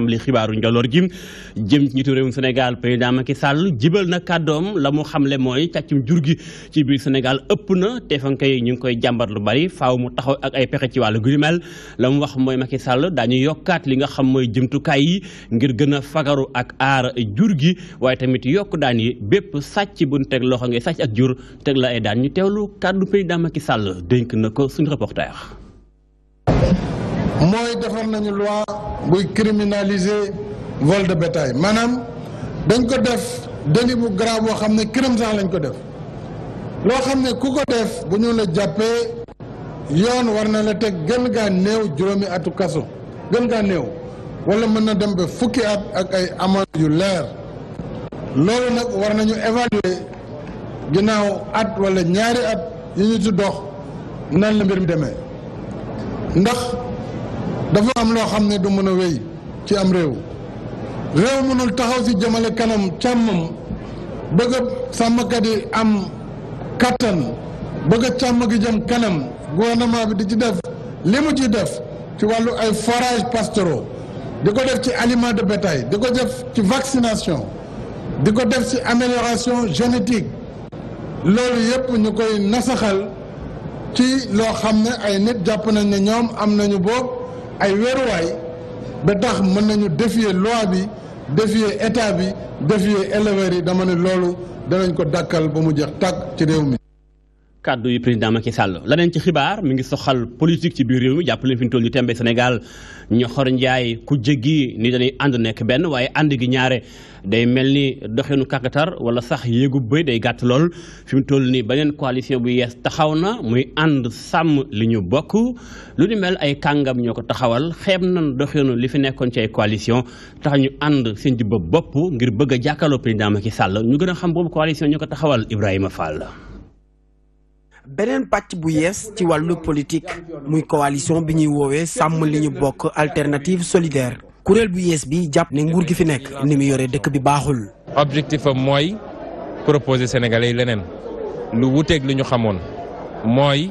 am li xibaaru njoloor gi jëm ci njiitu réewum Sénégal président Macky Sall jibal na kàddoom la xamle mooy càccum jur gi ci biir senegal ëpp na te fa nga koy ñu ngi koy jàmbat lu bari faw mu taxaw ak ay pexe ci wàllu gurimel la mu wax mooy Macky sàll daañu yokkaat li nga xam mooy jëmtukaay yi ngir gën a fagaru ak aar jur gi waaye tamit yokk daan yi bépp sàcc bu ñu teg loxo ngi sàcc ak jur teg la ay daan ñu teewlu kàddu président Macky sàll dénk na ko suñu reporter mooy defar nañu loi buy criminaliser vol de bétail maanaam dañ ko def délit bu grave boo xam ne crime sax lañ ko def loo xam ne ku ko def bu ñu la jàppee yoon war na la teg gën gaa néew juróomi atu kaso gën gaa néew wala mën na dem ba fukki at ak ay amende yu leer loolu nag war nañu évaluer ginnaaw at walla ñaari at yu ñu ci dox nan la mbir mi demee ndax dafa am loo xam ne du mën a ci am réew réew mënul taxaw si jëmale kanam càmmam bëgg a sàmmkat am bëgg a gi jëm kanam gouvernement bi di ci def li ci def ci wàllu ay pastoraux def ci de bétail di def ci vaccination di ko def ci amélioration génétique loolu yépp ñu koy nasaxal ci loo ay nit ne am ay weeruwaay ba tax mën nañu défier loi bi défier état bi défier éleveurs yi dama ne loolu danañ ko dàkkal ba mu jeex tàkk ci réew mi. kàddu yi président Macky Sall leneen ci xibaar mi ngi soxal politique ci biir réew mi jàppale fi ñu toll ñu tembe Sénégal ñoxor njaay ku jéggi ni dañuy ànd nekk benn waaye ànd gi ñaare day mel ni doxinu kàkkatar wala sax yéegu bëy day gàtt lool fi mu toll nii beneen coalition bu yees taxaw na muy ànd sàmm li ñu bokk lu ni mel ay kàngam ñoo ko taxawal xeeb nañ doxinu li fi nekkoon ci ay coalition tax ñu ànd seen jubba bopp ngir bëgg a jàkkaarloo président Macky Sall ñu gën a xam boobu coalition ñoo ko taxawal Ibrahima Fall beneen pàcc bu yees ci wàllu politique muy coalition bi ñuy woowee sàmm li ñu bokk alternative solidaire kuréel bu yees bi jàpp ne nguur gi fi nekk ni mu yore dëkk bi baaxul. objectif am mooy proposer sénégalais yi leneen lu wuteeg li ñu xamoon mooy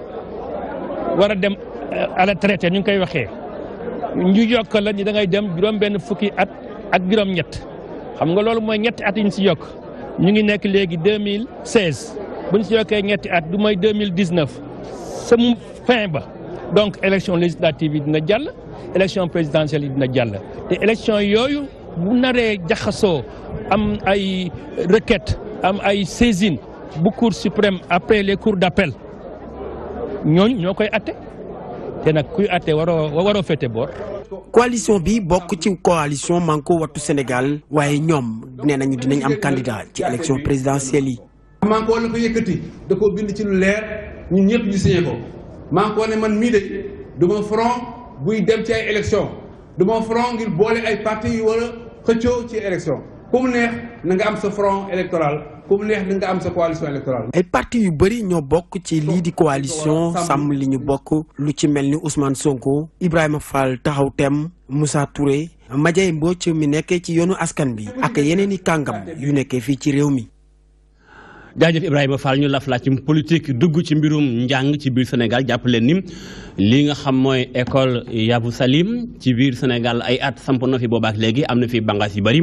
war a dem euh, à la traité ñu ngi koy waxee ñu yokk la ñi da ngay dem juróom-benn fukki at ak juróom-ñett xam nga loolu mooy ñetti at yi ñu si yokk ñu ngi nekk léegi 2016 buñ seize bu ñu si yokkee ñetti at du mooy 2019 mille sa fin ba donc élection législative yi dina jàll élection présidentielle yi dina jàll te élection yooyu bu naree jaxasoo am ay requête am ay saisine bu cour suprême après les cours d'appel ñooñu ñoo koy atte te nag kuy atte waroo waroo féete boor. coalition bi bokk ci coalition Manko Wattu Sénégal waaye ñoom nee nañu dinañ am candidat ci élection présidentielle yi. Manko la ko yëkkati da koo bind ci lu leer ñun ñëpp ñu signé ko Manko ne man mii de du ma front buy dem ci ay élection du ma front ngir boole ay parti yu war a xëccoo ci élection. ku mu neex na nga am sa front électoral ku nga am sa coalition ay parti yu bëri ñoo bokk ci lii di coalition sàmm li ñu bokk lu ci mel ni Ousmane Sonko Ibrahima Fall taxaw tem Moussa Touré Madiaye Mbodj mi nekkee ci yoonu askan bi ak yeneen i kàngam yu nekkee fii ci réew mi. jaajëf Ibrahima Fall ñu laf ci dugg ci mbirum njàng ci biir Sénégal jàpp leen ni li nga xam mooy école Yabou Salim ci biir Sénégal ay at samp na fi boobaak léegi am na fi bangaas yu bari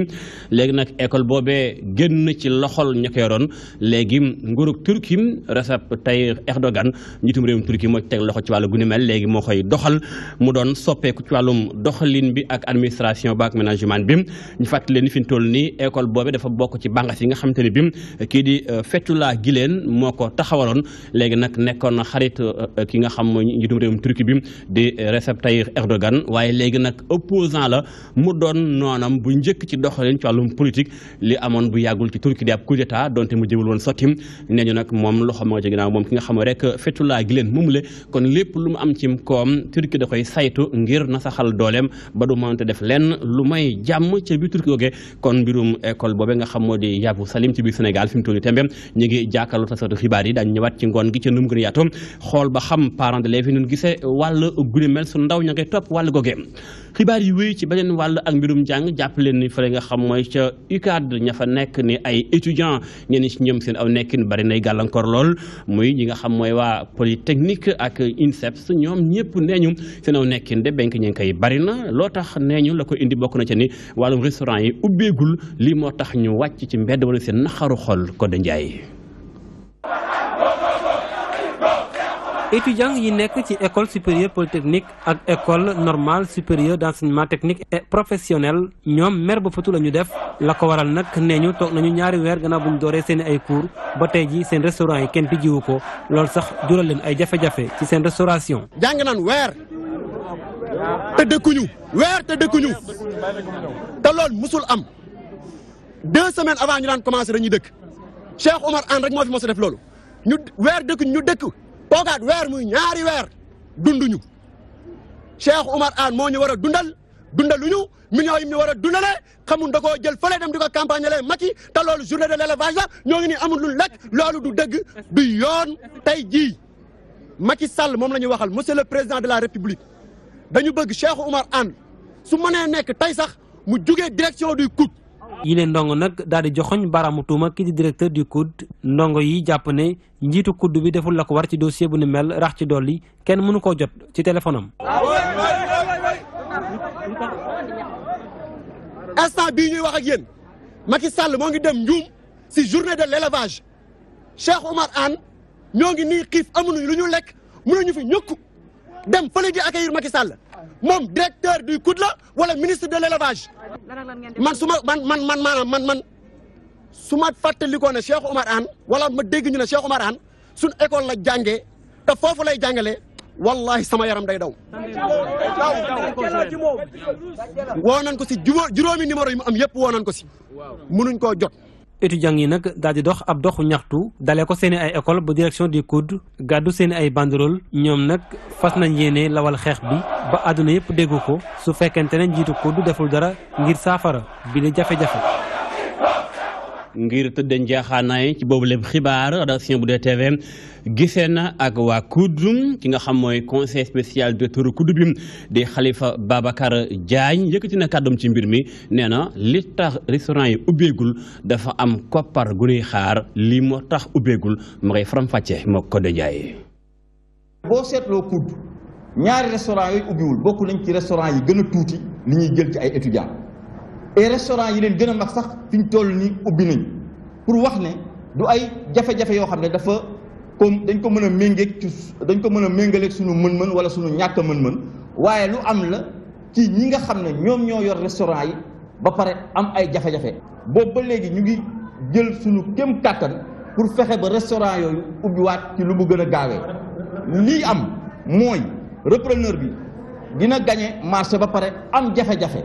léegi nag école boobee génn ci loxol ña yoroon léegi nguurug Turki Recep Tayyip Erdogan njiitum réewum Turki moo ci teg loxo ci wàllu guni mel léegi moo koy doxal mu doon soppeeku ci wàllum doxalin bi ak administration ba ak management bi ñu fàttali leen fi ñu toll ni école boob dafa bokk ci bangaas yi nga xamante ni Fethullah Gülen moo ko taxawaloon léegi nag nekkoon na xarit euh, ki nga xam mooy njiitum réewum Turquie bi di Recep Tayyip Erdogan waaye léegi nag opposant la mu doon noonam bu njëkk ci doxalin ci wàllum politique li amoon bu yàggul ci Turquie di ab coup d'état donte mu jëmul woon sotti nee ñu nag moom loxo moo ci ginnaaw moom ki nga xam rek Fethullah Gülen moom la kon lépp lu mu am ci koom Turquie da koy saytu ngir na saxal dooleem ba du mënte def lenn lu may jàmm ca biir Turquie googe kon mbirum école boobe nga xam moo di Yavuz Selim ci biir Sénégal fi mu toll tembe ñu ngi jàkkaarloo tasatu xibaar yi daañu ñëwaat ci ngoon gi ca nu mu gën a yaatu xool ba xam parents d'élèves yi nun gisee wàll gune mel su ndaw ña ngay topp wàll googee xibaar yi wéy ci beneen wàll ak mbirum jàng jàpp leen ni fële nga xam mooy ca UCAD ña fa nekk ni ay étudiants ñenn ci ñoom seen aw nekkin bari nay gàllankoor lool muy ñi nga xam mooy waa polytechnique ak INSEPS ñoom ñëpp nee ñu seen aw nekkin de benk ñi ngi koy bari na loo tax nee ñu la ko indi bokk na ca ni wàllum restaurant yi ubbeegul lii moo tax ñu wàcc ci mbedd wala seen naxaru xol ko da njaay étudiants yi nek ci école supérieure polytechnique ak école normale supérieure d'enseignement technique et professionnel ñom mer bu fatu lañu def la ko waral nak nee tok nañu ñaari wër gëna buñ doré seen ay cours ba tay ji seen restaurant yi kën kenn jiwu ko lool sax jural leen ay jafé jafé ci seen restauration. jang nan wër te dëkkuñu wër te dëkkuñu te lool musul am deux semaines avant ñu daan commencer dañuy dekk Cheikh Omar and rek mo fi mo a def lool ñu wër dekk ñu dekk toogaat weer muy ñaari weer dunduñu Cheikh Oumar Anne moo ñu war a dundal dundaluñu millions yi ñu war a dundalee xamul da koo jël fële dem di ko campagne lay Macky te loolu journée de l' élevage ñoo ngi ni amul lu lekk loolu du dëgg du yoon tey jii Macky Sall moom la ñuy waxal monsieur le président de la république dañu bëgg Cheikh Oumar Anne su mënee nekk tey sax mu jugee direction du COUD. yile ndongo nag daal di joxoñ baaraamu tuuma ki di directeur du COUD ndongo yi jàpp ne njiitu COUD bi deful la ko war ci dossier bu ni mel rax ci dolli kenn mënu koo jot ci téléphone am. instant bii ñuy wax ak yéen Macky Sall moo ngi dem njuum si journée de l' élevage Cheikh Oumar ñoo ngi nii xiif amuñu lu ñu lekk mënuñu fi ñëkku dem fële di accueillir Macky Sall mom directeur du COUD la wala ministre de l'élevage man suma man man man man man man suma ma fàttalikoo ne Cheikh omar an wala ma dégg ñu ne Cheikh omar an sun école la jangé ta fofu lay jangalé wallahi sama yaram day daw. wonan ko ci juromi numéro yi mu am yépp wonan ko ci mënuñ ko jot. étudiants yi nag daal di dox ab doxu ñaxtu dale ko seen ay école ba direction di COUD gàddu seen ay banderole ñoom nag fas nañ yéene lawal xeex bi ba àdduna yëpp dégg ko su fekkente ne njiitu COUD deful dara ngir saafara bi la jafe-jafe ngir tëdd njaaxaanaay ci boobu lépp xibaar rédaction bu DTV gisee na ak waa COUD ki nga xam mooy conseil spécial directeur COUD di Khalifa Babacar Diagne yëkkati na kàddum ci mbir mi nee na li tax restaurant yi ubbeegul dafa am koppar gu ñuy xaar lii moo tax ubbeegul ma ngay faram-fàccee moo ko seetloo COUD ñaari restaurant yooyu ubbiwul bokk nañ ci restaurant yi gën a tuuti li ñuy jël ci ay étudiants. et restaurant yi leen gën a mag sax fi ñu toll nii ubbi nañ pour wax ne du ay jafe-jafe yoo xam ne dafa comme dañ ko mën a méngéeg dañ ko mën a méngaleeg suñu mën-mën wala suñu ñàkk mën-mën waaye lu am la ci ñi nga xam ne ñoom ñoo yor restaurant yi ba pare am ay jafe-jafe boobu ba léegi ñu ngi jël suñu kem kàttan pour fexe ba restaurant yooyu ubbiwaat ci lu mu gën a gaawee lii am mooy repreneur bi dina gañe marché ba pare am jafe-jafe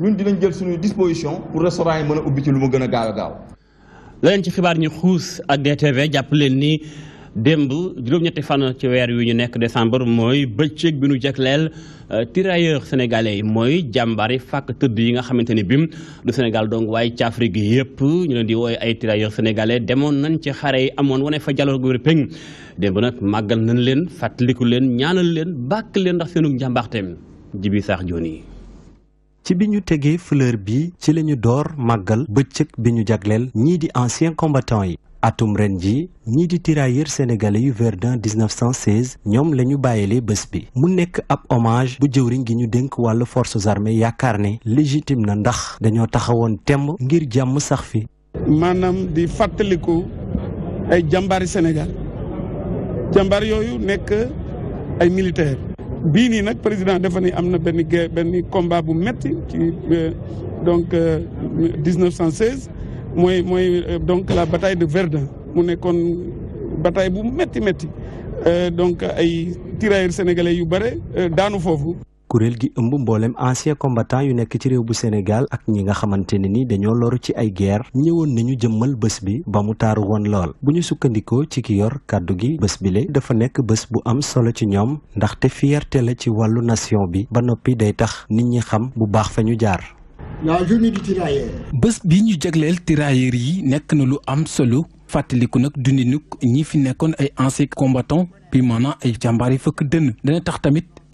ñun dinañ jël suñuy disposition pour restaurant yi mën a ubbi ci lu mu gën a gaaw a gaaw. leneen ci xibaar ñu xuus ak DTV jàpp leen ni démb juróom-ñetti fan ci weer yu ñu nekk décembre mooy bëccëg bi nu jagleel euh, tirailleurs sénégalais yi mooy jàmbaar yi fàkk tëdd yi nga xamante ni bim du Sénégal donc waaye ci Afrique yëpp ñu leen di wooye ay tirailleurs sénégalais demoon nañ ci xare yi amoon wane fa jàlloo gu péng démb nag màggal nañ leen fàttaliku leen ñaanal leen bàkk leen ndax seenu njàmbaarteem jibi saax jooni ci bi ñu tegee fleur bi ci la ñu door màggal bëccëg bi ñu jagleel ñii di anciens combattants yi atum ren ji ñii di tirailleurs sénégalais yu Verdun 1916 ñoom la ñu bàyyeele bés bi mu nekk ab omage bu jëwriñ gi ñu dénk wàllu forces armées yaakaar ne légitime na ndax dañoo taxawoon temb ngir jàmm sax fi maanaam di fàttaliku ay jàmbaari Sénégal jàmbaar yooyu nekk ay militaire bii nii nag président dafa ni am na benn benn combat bu metti ci euh, donc 1916 euh, mooy mooy euh, donc la bataille de Verdun mu nekkoon bataille bu metti metti donc ay tirailleurs sénégalais yu bare daanu foofu. kuréel gi ëmb mboolem ancien combattant yu nekk ci réew bu Sénégal ak ñi nga xamante ne ni dañoo loru ci ay guerre ñëwoon nañu jëmmal bés bi ba mu taaru woon lool bu ñu sukkandikoo ci ki yor kàddu gi bés bi le dafa nekk bés bu am solo ci ñoom ndax ndaxte fierté la ci wàllu nation bi ba noppi day tax nit ñi xam bu baax fa ñu jaar. la bés bi ñu jagleel tirailleurs yi nekk na lu am solo fàttaliku nag dundinu ñi fi nekkoon ay anciens combattants bi maanaam ay jàmbaar yi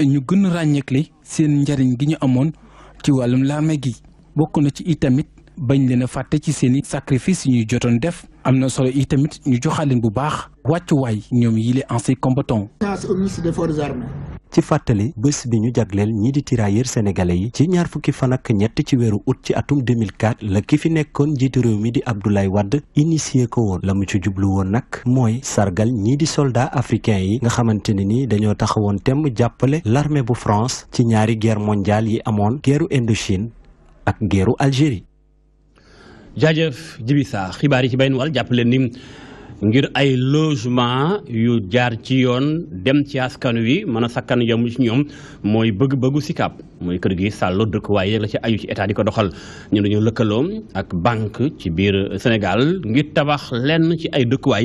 ñu gën a ràññeekle seen njariñ gi ñu amoon ci wàllum laame gi bokk na ci itamit bañ leen a fàtte ci seen i sacrifice yi ñuy jotoon def am na solo itamit ñu joxaleen bu baax waay ñoom yi les anciens ci fàttali bés bi ñu jagleel ñii di tirailleurs sénégalais yi ci ñaar fukki fan ak ñett ci weeru août ci atum 2004 la ki fi nekkoon njiitu mi di Abdoulaye Wade initié ko woon la mu ci jublu sargal ñii di soldats africains yi nga xamante ne ni dañoo l'armée bu France ci ñaari guerre mondiale yi amoon guerru Indochine ak guerru Algérie jaajëf Jibi Sa ci ngir ay logement yu jaar ci yoon dem ci askan wi mën a sakkan yamu ci ñoom mooy bëgg-bëggu SICAP mooy kër gi sàllo dëkkuwaay yeeg la ci ayu ci état di ko doxal ñu dañoo lëkkaloo ak banque ci biir Sénégal ngir tabax lenn ci ay dëkkuwaay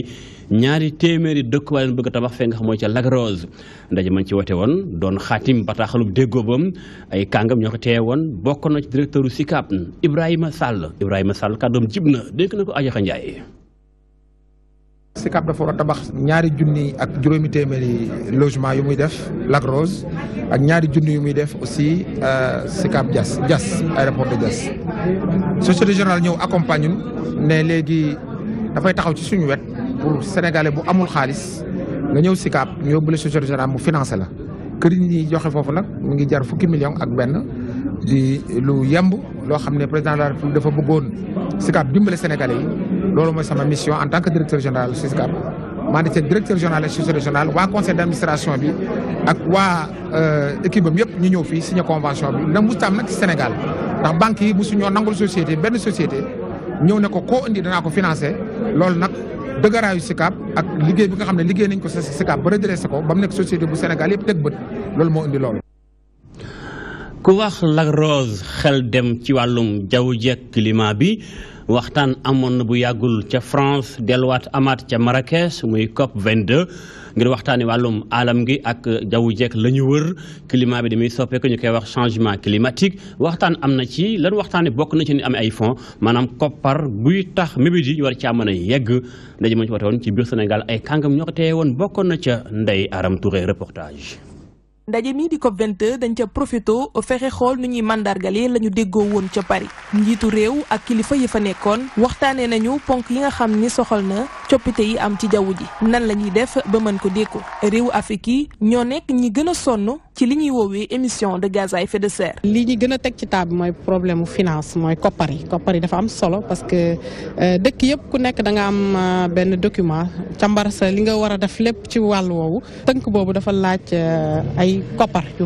ñaari téeméeri dëkkuwaay leen bëgg tabax fee nga xam mooy ca Lac Rose ndaje man ci wote woon doon xaatim bataaxalub déggoo bam ay kàngam ñoo ko tee woon bokkoon na ci directeur u SICAP Ibrahima Sall Ibrahima Sall kàddoom jib na dénk na ko Aja Njaay SICAP dafa war a tabax ñaari junni ak juróomi téeméeri logement yu muy def Lac Rose ak ñaari junni yu muy def aussi euh, SICAP Diass Diass aéroport de Diass. société générale ñëw accompagne ne léegi dafay taxaw ci suñu wet pour sénégalais bu amul xaalis nga ñëw SICAP ñu yóbbu la société générale mu financé la kër ni ñuy joxe foofu nag mu ngi jar fukki million ak benn. di lu yambu lo xam président de la république dafa bëggoon sikap dimbale sénégalais yi lolu moy sama mission en tant que directeur général si SICAP maa ngi seen directeur général et société régional wa conseil d'administration bi ak euh équipe am yëpp ñu ñëw fi signé convention bi na mustam nak ci Sénégal ndax banque yi bu suñu nangul société ben société ñëw ne ko koo indi danaa ko financer lolu nak deugaraayu sikap ak liggéey bi nga xam liggéey nañ ko sa SICAP ba redresser ko bam nek société bu Sénégal yëpp tek bët lolu mo indi lolu ku wax Lac Rose xel dem ci wàllum jaww jeeg climat bi waxtaan amoon na bu yàggul ca France delluwaat amaat ca Marrakech muy COP 22 ngir waxtaani wàllum alam gi ak jaww jekk la ñu wër climat bi damuy ku ñu koy wax changement climatique waxtaan am na ci lan waxtaani bokk na ci ni amee ay fonds maanaam koppar buy tax mébét yi ñu war caa mën a yegg ndaje ma ci woote woon ci biir Sénégal ay kàngam ñoo ko woon bokkoon na ca Ndeye Aram Touré reportage ndaje mii di COP 22 dañ ca profito fexe xool nu ñuy mandargalee la ñu déggoo woon ca Paris njiitu réew ak kilifa yi fa nekkoon waxtaanee nañu ponk yi nga xam ni soxal na coppite yi am ci jaww ji nan la ñuy def ba mën ko dékku réewu Afrique yi ñoo nekk ñi gën a sonn ci li ñuy woowee émission de gaz à effet de serre. li ñu gën a teg ci table mooy problème finance mooy koppar yi koppar yi dafa am solo parce que euh, dëkk yëpp ku nekk da nga am euh, benn document càmbar sa li nga war a def lépp ci wàll woowu tënk boobu dafa laaj euh, ay koppar yu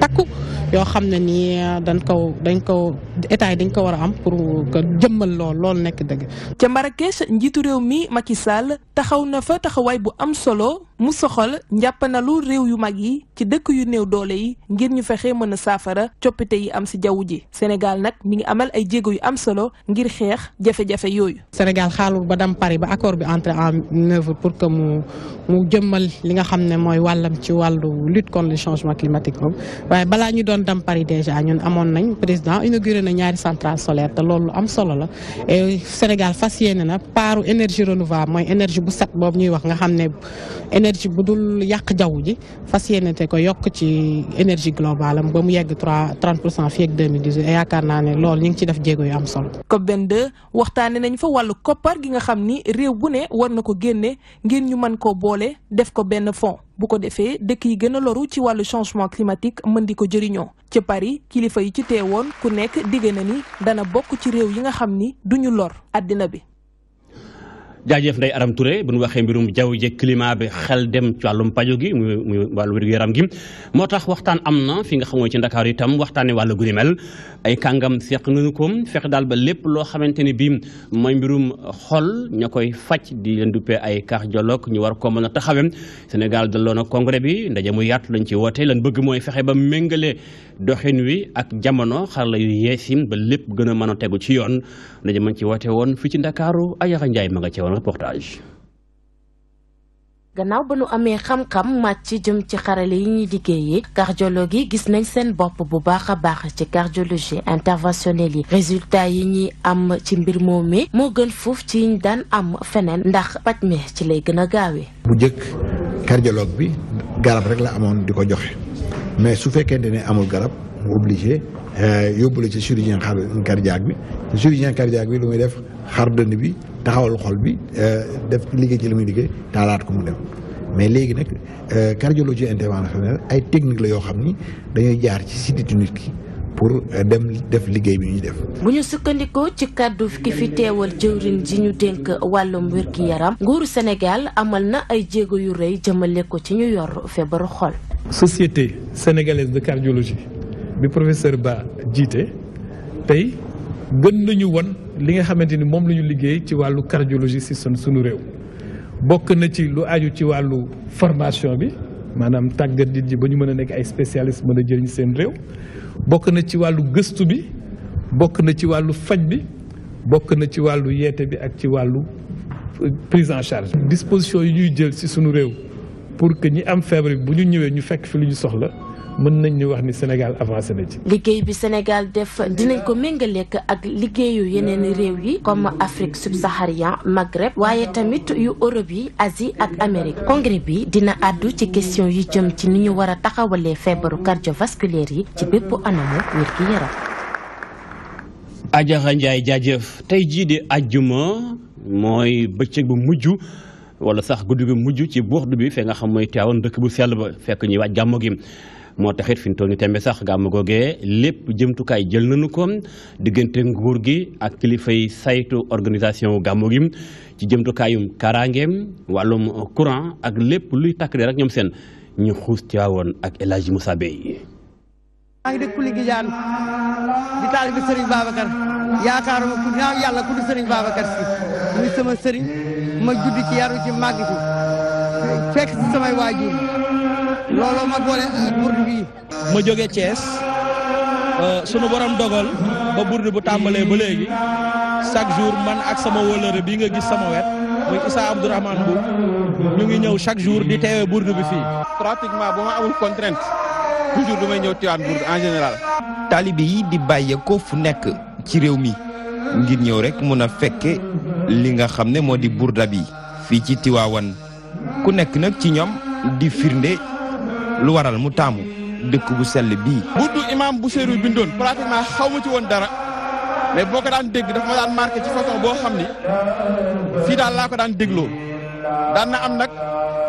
takku yoo xam ne nii dañ ko dañ ko état yi dañ ko war a am pour que jëmmal lool lool nekk dëgg. ca Marrakech njiitu réew mi Macky Sall taxaw na fa taxawaay bu am solo. mu na lu réew yu mag yi ci dëkk yu néew doole yi ngir ñu fexe mën a saafara coppite yi am si jaww ji Sénégal nag mu ngi amal ay jéego yu am solo ngir xeex jafe-jafe yooyu. Sénégal xaalul ba dam Paris ba accord bi entre en œuvre pour que mu mu jëmmal li nga xam ne mooy wàllam ci wàllu lutte contre le changement climatique boobu waaye balaa ñu doon dam Paris déjà ñun amoon nañ président inauguré na ñaari centrale solaire te lu am solo la et Sénégal fas yéene mooy énergie bu set boobu ñuy wax nga xam ne énergie bu dul yàq jaww ji fas yéene te ko yokk ci énergie globale am ba mu yegg trois trente pour cent fii ak deux yaakaar naa ne loolu ñu ngi ci def jéego yu am solo. COP 22 waxtaane nañ fa wàllu koppar gi nga xam ni réew gu ne war na ko génne ngir ñu mën koo boole def ko benn fond bu ko defee dëkk yi gën a loru ci wàllu changement climatique mën di ko jëriñoo. ci Paris kilifa yi ci teewoon ku nekk digg na ni dana bokk ci réew yi nga xam ni duñu lor àddina bi. jaajëf Ndeye Aram ture bu nu waxee mbirum jaww ji climat bi xel dem ci wàllum pajo gi muy muy wàllu yaram gi moo tax waxtaan am na fi nga xamoon ci Ndakaar itam waxtaanee walla gu ni mel ay kàngam seq nañu ko fexe daal ba lépp loo xamante ni bii mooy mbirum xol ña koy faj di leen duppee ay cardiologue ñu war ko mën a taxawem Sénégal daloon na congrès bi ndaje mu yaatu lañ ci woote lan bëgg mooy fexe ba méngale doxin wi ak jamono xarala yu yeesim ba lépp gën a mën a tegu ci yoon ndaje mën ci woote woon fii ci Ndakaaru Ayaxa Njaay ma nga ci woon un reportage. Ganaw ba amé amee xam-xam màcc jëm ci xaralé yi ñi liggéeyee cardiologue yi gis nañ seen bop bu baaxa baax ci cardiologie interventionnelle yi résultat yi ñi am ci mbir momé mo gën fuuf ci ñu daan am fenen ndax paj mi ci lay gëna a bu njëkk cardiologue bi garab rek la amone diko joxé mais su fekkente ne amul garab obligé euh la ci chirurgien cardiaque bi chirurgien cardiaque bi lu muy def. xar dënn bi taxawal xol bi euh, def liggéey ci li muy liggéey taalaat ko mu dem mais léegi nag euh, cardiologie interventionnelle ay technique la yoo xam ni dañuy jaar ci sidditu nit ki pour euh, dem def liggéey bi ñuy def. bu ñu sukkandikoo ci kàddu ki fi teewal jëwriñ ji ñu dénk wàllum wérgi yaram nguuru Sénégal amal na ay jéego yu rëy jëmale ko ci ñu yor feebaru xol. société sénégalaise de cardiologie bi professeur Ba jiite tey gën nañu won li nga xamante ni moom la ñu liggéey ci wàllu cardiologie ci sun suñu réew bokk na ci lu aju ci wàllu formation bi maanaam tàggat nit ñi ba ñu mën a nekk ay spécialiste mën a ñi seen réew bokk na ci wàllu gëstu bi bokk na ci wàllu faj bi bokk na ci wàllu yeete bi ak ci wàllu euh, prise en charge disposition yi ñuy jël si suñu réew pour que ñi am feebar bi bu ñu ñëwee ñu fekk fi lu ñu soxla mën nañ ñu wax ni Sénégal avancé na ci. liggéey bi Sénégal def dinañ ko méngaleek ak liggéeyu yeneen réew yi comme Afrique subsaharienne Maghreb waaye tamit yu Europe yi asi ak Amérique congrès bi dina àddu ci question yu jëm ci ni ñu war a taxawalee feebaru cardiovasculaire yi ci bépp anamu wér gi yaram. Adja Ndiaye jaajëf tey jii di àjjuma mooy bëccëg bu mujj. wala sax guddi gi mujj ci buux bi fee nga xam mooy teewoon dëkk bu sell ba fekk ñuy waaj gàmmu mo taxit fiñ toñu toll ni tembe sax gàmm googee lépp kay jël nañu ko digënté nguur gi ak kilifa yi saytu organisation gàmmu gi ci kayum karangem walum courant ak lepp luy takkere rek ñom seen ñu xuus ci awon ak El Moussa Bey ay ngi dëkk Kuli Gijaan di taalibe serigne babakar yaakaaruma ku ñaaw yalla ku di serigne babakar ci muy sama serigne ma judd ci yaru ci màgg fekk samay waji lolo ma bolé ak eh, burdu bi ma jóge Thiès eh, sunu borom dogal ba burdu bu tambalé ba légui chaque jour man ak sama woleur bi nga gis sama wet muy Issa abdourahman bu ñu ngi ñëw chaque jour di téwé burdu bi fi pratiquement bu ma amul contrainte toujours dumay ñëw tiwan burdu en général taalibe yi di ko fu nek ci réew mi ngir ñëw rek mëna a li nga xamné modi burda bi fi ci tiwawan ku nekk nag ci ñoom di firnde lu waral mu taamu dëkk bu sell bii. buddu imaam bu seeru bindoon pratiquement xaw ma ci woon dara mais boo ko daan dégg dafa ma daan marqué ci façon boo xam ni fii daal laa ko daan dégloo daan na am nag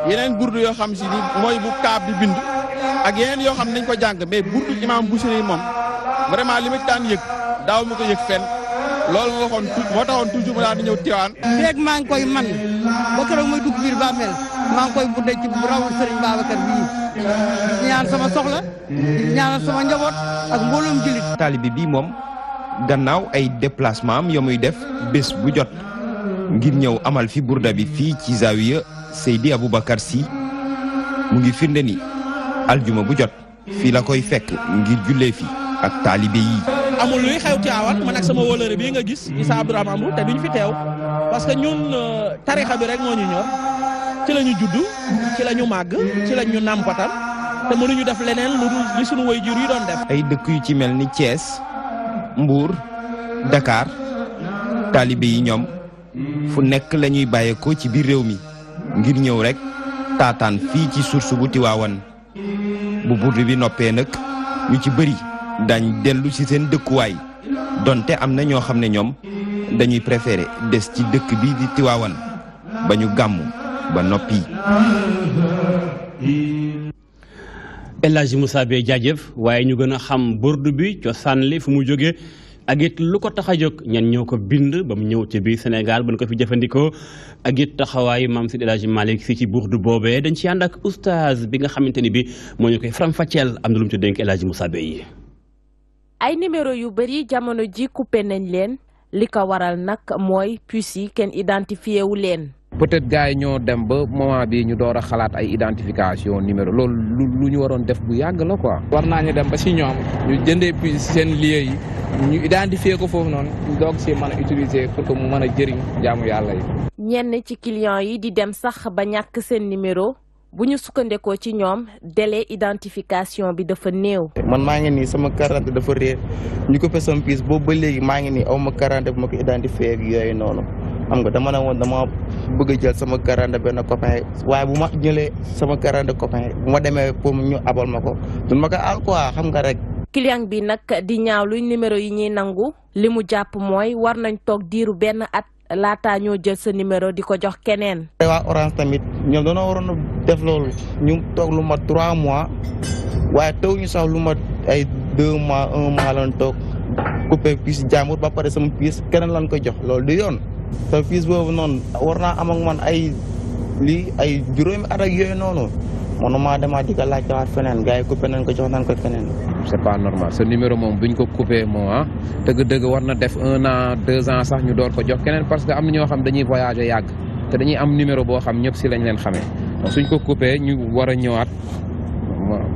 yeneen burdu yoo xam si ni mooy bu kaab bi bind ak yeneen yoo xam ne nañ ko jàng mais burdu imaam bu seeru moom vraiment li ma ci daan yëg daaw ma ko yëg fenn. loolu moo waxoon moo taxoon toujours mu daal ñëw Tiwaan. feeg maa maa ngi koy budde ci rawul sëriñ Babacar bii ñaan sama soxla di ñaanal sama njaboot ak mbooloom jullit taalibi bii mom, gannaaw ay déplacement am yo ya def bes bu jot ngir ñëw amal fi burda bi fii ci zawiya Seydi Aboubacar Sy mu ngi firnde ni aljuma bu jot fii la koy fekk ngir jullee fi ak taalibe yi amul luy xew Tiwaawan man ak sama wóolëre bii nga gis Issa Abdourahmane Abdou te duñ fi teew parce que ñun euh, tarixa bi rek moo ñu ñor ci la ñu judd ci la ñu màgg ci la ñu te mënuñu def leneen lu dul li suñu waajur yi doon def. ay dëkk yu ci mel ni cees Mbour dakaar taalibe yi ñoom fu nekk lañuy bàyyeekoo ci biir réew mi ngir ñëw rekk taataan fii ci source bu Tiwaawan bu burdu bi noppee nag ñu ci bëri dañ dellu ci seen dëkkuwaay donte am na ñoo xam ne ñoom dañuy préféré des ci dëkk bii di Tiwaawan ba ñu gàmmu. ba noppi. El Hadji Moussa Beye jaajëf waaye ñu gën a xam burdu bi cosaan li fu mu jógee ak it lu ko tax a jóg ñan ñëw ko bind ba mu ñëw ci biir Sénégal ba ñu ko fi jëfandikoo agit it taxawaayu maam Seydi El Hadji Malick fii ci du boobee dañ ci ànd ak oustaz bi nga xamante ni bi moo ñu koy faram-fàcceel am na lu mu ci dénk El Hadji ay numéro yu bëri jamono ji coupé leen li ko waral nag mooy puce kenn identifié leen peut-être gars yi ñoo dem ba moment bi ñu door a xalaat ay identification numéro loolu lu ñu waroon def bu yàgg la ko war naa ñu dem ba ci ñoom ñu jëndee puis seen lieu ñu identifier ko foofu noonu ñu si mën a utiliser pour que mu man a jëriñ jaamu yàlla yi. ñenn ci clients yi di dem sax ba ñàkk seen numéro bu ñu sukkandekoo ci ñoom délai identification bi dafa néew. man maa ngi nii sama carte dafa réer ñu ko pesam piis boobu ba léegi maa ngi nii aw ma carte bu ma ko yooyu noonu. xam nga dama ne woon dama bëgg jël sama garande ben copain waye buma ñëlé sama garande copain buma démé pour ñu abol mako ko duñ ma al quoi xam nga rek client bi nak di ñaaw ñaawlu numéro yi ñi nangu limu japp moy war nañ tok diiru ben at lata ñoo jël sa numéro diko jox kenen wa orange tamit ñom dañu waron def lool ñu tok lu eh, ma 3 mois waye eh, taw ñu sax lu ma ay 2 mois 1 mois lan tok coupé pis jamour ba paré sama pis kenen lan ko jox lool du yoon. te fils boobu noonu war naa am ak man ay lii ay juróomi at ak yooyu noonu manuma demaat di ko laajte waat feneen gars yi coupé nañ ko jox nañ ko keneen. c' pas normal sa numéro moom bu ñu ko coupé moom ah dëgg-dëgg war na def un an deux ans sax ñu door ko jox keneen parce que am na ñoo xam dañuy voyager yàgg te dañuy am numéro boo xam ñëpp si lañ leen xamee suñ ko coupé ñu war a ñëwaat.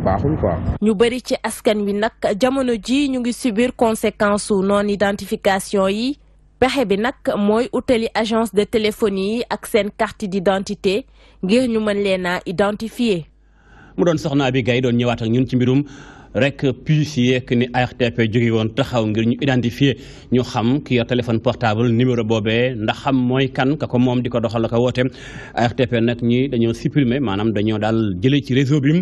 baaxul quoi. ñu bëri ci askan wi nag jamono ji ñu ngi subir conséquence su non identification pexe bi nag mooy utali agence de téléphonie ak sen carte d'identité ngir ñu mën leen identifier. mu doon soxna bi gay doon ñëwaat ak ñun ci mbirum rek puce yeeg ni ARTP jóge woon taxaw ngir ñu identifier ñu xam ki yo téléphone portable numéro boobee ndax xam mooy kan kako mom diko doxal ka ko woote ARTP nag ñi dañoo supprimer manam dañoo dal jëlee ci réseau bi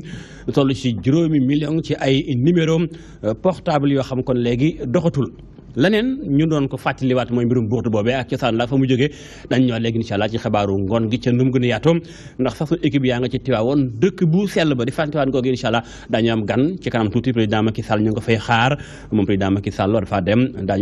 tollu ci juroomi million ci ay numéro euh, portable yo xam kon léegi doxatul. leneen ñu doon ko waat mooy mbirum buuxtu boobee ak cosaan la fa mu jógee dañ ñoo léegi incha allah ci xabaaru ngoon gi ca num gën a yaatoo ndax façon équipe yaa nga ci tiwaawoon dëkk bu sell ba di fàttaliwaat googu incha allah daañu am gan ci kanam ñu nga fay xaar moom président Macky Sall dafa dem gi tam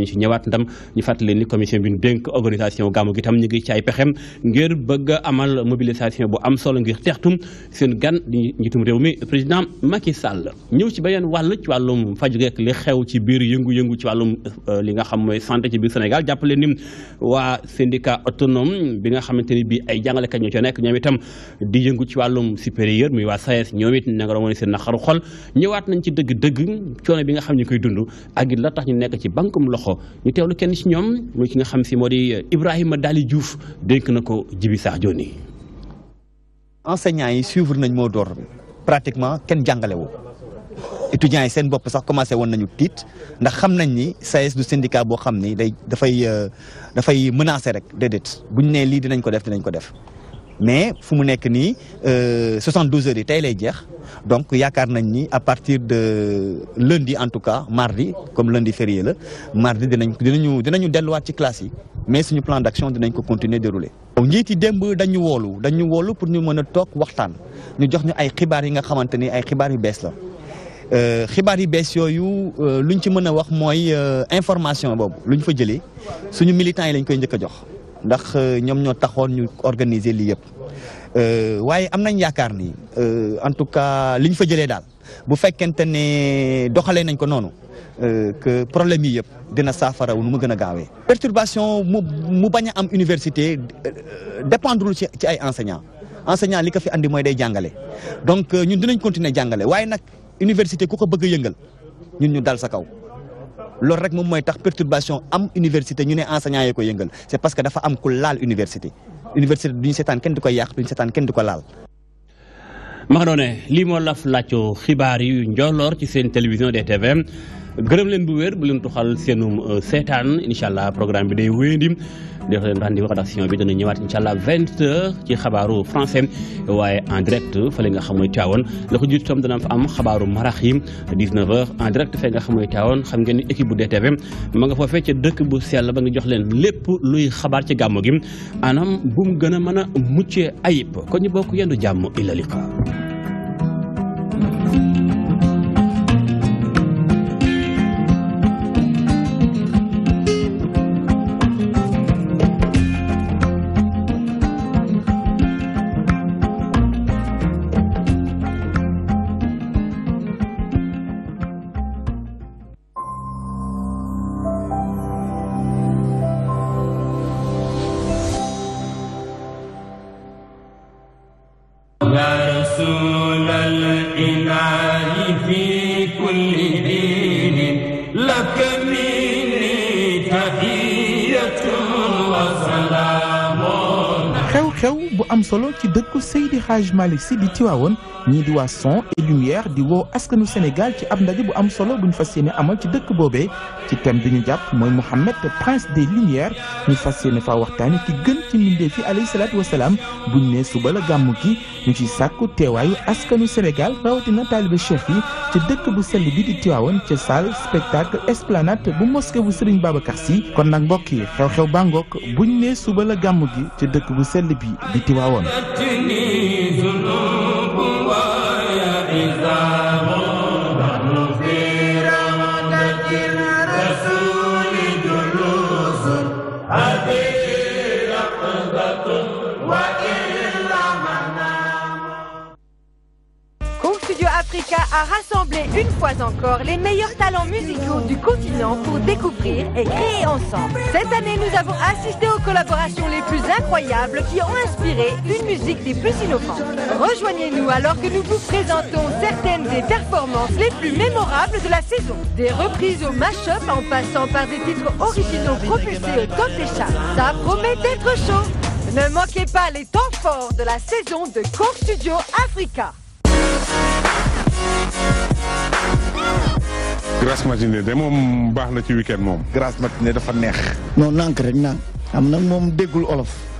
ñu ngi ci ay pexem ngir bëgg amal mobilisation bu am solo ngir teextum seen gan di njiitum réew mi président Macky Sall ñëw ci beneen wàll ci wàllum faju geek li xew ci biir yëngu-yëngu ci wàllum euh, li nga xam mooy santé ci biir Sénégal jàppale ni waa syndicat autonome bi nga xamante ni bii ay jàngalekat ñoo ca nekk ñoom itam di yëngu ci wàllum supérieur muy waa SAES ñoom it na nga doon wane seen naqaru ñëwaat nañ ci dëgg-dëgg coono bi nga xam ñu koy dund ak la tax ñu nekk ci bankum loxo ñu teewlu kenn ci ñoom muy ki nga xam si moo di Ibrahima Daly juuf dénk na ko Jibi Sax Jooni enseignants yi suivre nañ moo door pratiquement kenn jàngale woo étudiants yi seen bopp sax commencé woon nañu tiit ndax xam nañ ni SAES e du syndicat boo xam ni day dafay euh, dafay menacé rek déedéet bu ne lii dinañ ko def dinañ ko def mais fu mu nekk nii 72 euh, heures yi tey lay jeex donc yaakaar nañ ni à partir de lundi en tout cas mardi comme lundi férié la mardi dinañ dinañu dinañu delluwaat ci classe yi mais su suñu plan d'action dinañ ko continuer dérouler. njiit yi démb dañu woolu dañu woolu pour ñu mën a toog waxtaan ñu jox ñu ay xibaar yi nga xamante ni ay xibaar yu bees la. Euh, xibaar yi bees yooyu euh, lu ñu ci mën a wax mooy euh, information boobu lu ñu fa jëlee suñu militants yi lañ koy njëkk a jox ndax ñoom ñoo taxoon ñu organiser lii yëpp waaye am nañ yaakaar ni en tout cas liñ fa jëlee daal bu fekkente ne doxalee nañ ko noonu que problème yi yëpp dina saafara wu nu gën a gaawee. perturbation mu mu bañ a am université dépendrul ci ci ay enseignants enseignants li ko fi andi mooy day jàngale donc ñun dinañ continuer jàngale waaye nag. université ko ko bëgg a yëngal ñun ñu dal sa kaw loolu rek moom mooy tax perturbation am université ñu ne enseignant yi ko yëngal c'est parce que dafa am ku laal université université duñu seetaan kenn du ko yàq duñu seetaan kenn du ko laal. max doone lii moo laf laajoo xibaar yu njolloor ci seen télévision DTV gërëm leen bu wér bu leen tuxal seenum euh, seetaan incha allah programme bi day wéyandi. jox leen rendez-vous rédaction bi dana ñëwaat incha allah vingt heures ci xabaaru français waaye en direct fële nga xam mooy Tivaouane la ko jiitu tam dana fa am xabaaru marax yi dix-neuf en direct fële nga xam mooy Tivaouane xam ngeen ni équipe bu DTV ma nga foofee ca dëkk bu sell ba nga jox leen lépp luy xabaar ci gàmmu gi anam bu mu gën a mën a muccee ayib kon ñu bokk yendu jàmm ila liqa الإله في كل دين لك مني تحية وسلام خو خو bu am solo ci dëkku Seydi Hadj Malick Sy di Tiwaawoon di wa son et lumière di wo askanu Sénégal ci ab ndaje bu am solo buñ fassiyene amal ci dëkk bobé ci thème biñu japp moy Mohamed prince des lumières ñu fassiyene fa faa ki gën ci mbindee fi alayhi salaatu wasalaam buñ né suba la gamu gi ñu ci sakku téwayu askanu Sénégal na talibé chef yi ci que bu sell bi di tiwawone ci salle spectacle esplanade bu mosquée bu Serigne Babacar Sy kon nak mbokk yi xew-xew bangok buñ né suba la gamu gi ci dëkk bu sell bi Tiwaawoon rassembler une fois encore les meilleurs talents musicaux du continent pour découvrir et créer ensemble. Cette année, nous avons assisté aux collaborations les plus incroyables qui ont inspiré une musique des plus innovantes. Rejoignez-nous alors que nous vous présentons certaines des performances les plus mémorables de la saison. Des reprises au mash-up en passant par des titres originaux propulsés au top des charts. Ça promet d'être chaud ne manquez pas les temps forts de la saison de Court Studio Africa. grasse matinée de moom baax na ci weekend moom. grasse matinée dafa neex. non nànk rek na am na moom déggul olof.